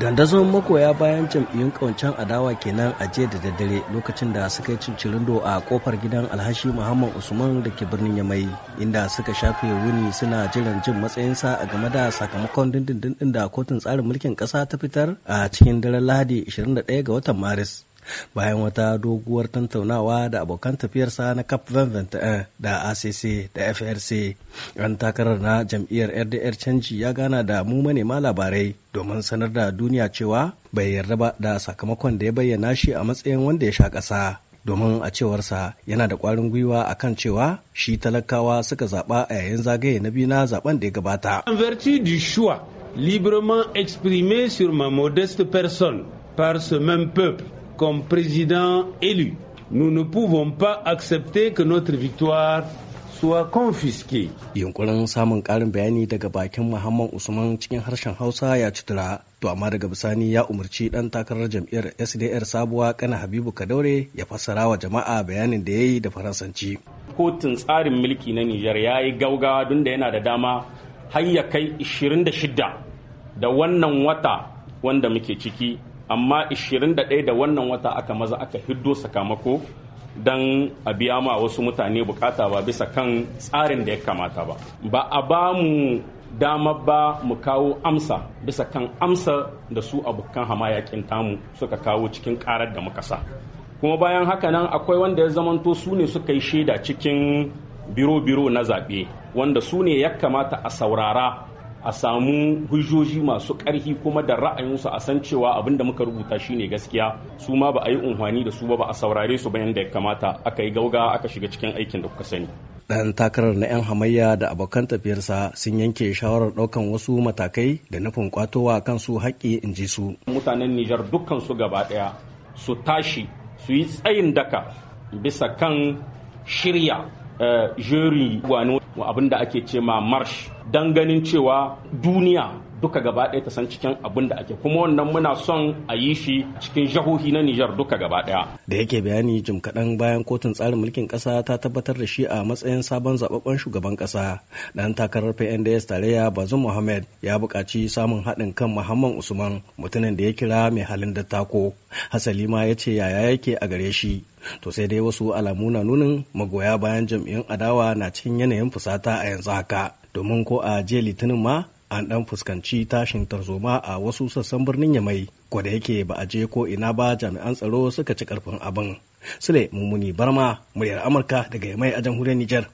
dandazon makoya bayan jam'iyyun ƙawancen adawa kenan a jiya da daddare lokacin da suka yi do a kofar gidan alhashi muhammad usman da ke birnin yamai inda suka shafe wuni suna jiran jin matsayinsa a game da sakamakon dindindin da kotun tsarin mulkin ƙasa ta fitar a cikin daren lahadi 21 ga watan maris bayan wata doguwar tantaunawa da abokan tafiyarsa na cap 2021 eh, da acc da frc an takarar na jam'iyyar rdr canji ya gana da mu manema labarai domin sanar da duniya cewa bai yarda ba da sakamakon da ya bayyana shi a matsayin wanda ya sha ƙasa domin a cewarsa yana da kwarin gwiwa a kan cewa shi talakawa suka zaɓa a yayin zagaye na biyu na zaɓen da ya gabata. vertu du librement exprimé sur ma modeste personne par ce même peuple comme président élu. Nous ne pouvons pas accepter que notre victoire soit confisquée. Yunkurin samun ƙarin bayani daga bakin Muhammad Usman cikin harshen Hausa ya tura. To amma daga bisani ya umarci ɗan takarar jam'iyyar SDR sabuwa kana Habibu kadore ya fassara wa jama'a bayanin da ya yi da Faransanci. Kotun tsarin mulki na Nijar ya yi gaugawa don da yana da dama har ya kai 26 da wannan wata wanda muke ciki amma 21 da wannan wata aka maza aka hiddo sakamako don a biya ma wasu mutane bukata ba bisa kan tsarin da ya kamata ba ba a ba mu dama ba mu kawo amsa bisa kan amsa da su abokan hamayakin tamu suka kawo cikin karar da muka sa kuma bayan haka nan akwai wanda ya zamanto su ne suka yi shaida cikin biro-biro na zaɓe wanda su ne ya kamata a saurara a samu hujjoji masu ƙarfi kuma da ra'ayinsu a san cewa abin da muka rubuta shine gaskiya su ma ba a yi unhwani da su ba ba a saurare su ba da ya kamata aka yi gauga aka shiga cikin aikin da kuka sani dan takarar na 'yan hamayya da abokan tafiyarsa sun yanke shawarar daukan wasu matakai da nufin kwatowa su haƙƙi in ji su mutanen nijar dukkan su gaba ɗaya su tashi su yi tsayin daka bisa kan shirya Eh, jeri wani abin da ake ce ma marsh don ganin cewa duniya duka gaba ɗaya ta san cikin abin da ake kuma wannan muna son a yi shi cikin jahohi na Nijar duka gaba ɗaya. Da yake bayani jim kaɗan bayan kotun tsarin mulkin ƙasa ta tabbatar da shi a matsayin sabon zababben shugaban ƙasa ɗan takarar PNDS tarayya Bazum Mohammed ya buƙaci samun haɗin kan Muhammad Usman mutumin da ya kira mai halin dattako. Hasali ma ya ce yaya yake a gare shi. To sai dai wasu alamu na nunin magoya bayan jam'iyyun adawa na cikin yanayin fusata a yanzu haka. Domin ko a jiya litinin ma an ɗan fuskanci tashin tarzoma a wasu sassan birnin ya mai, kwada yake ba a je ko ina ba jami'an tsaro suka ci karfin abin. Sule Mummuni Barma, muryar Amurka daga Yamai a jamhuriyar Nijar.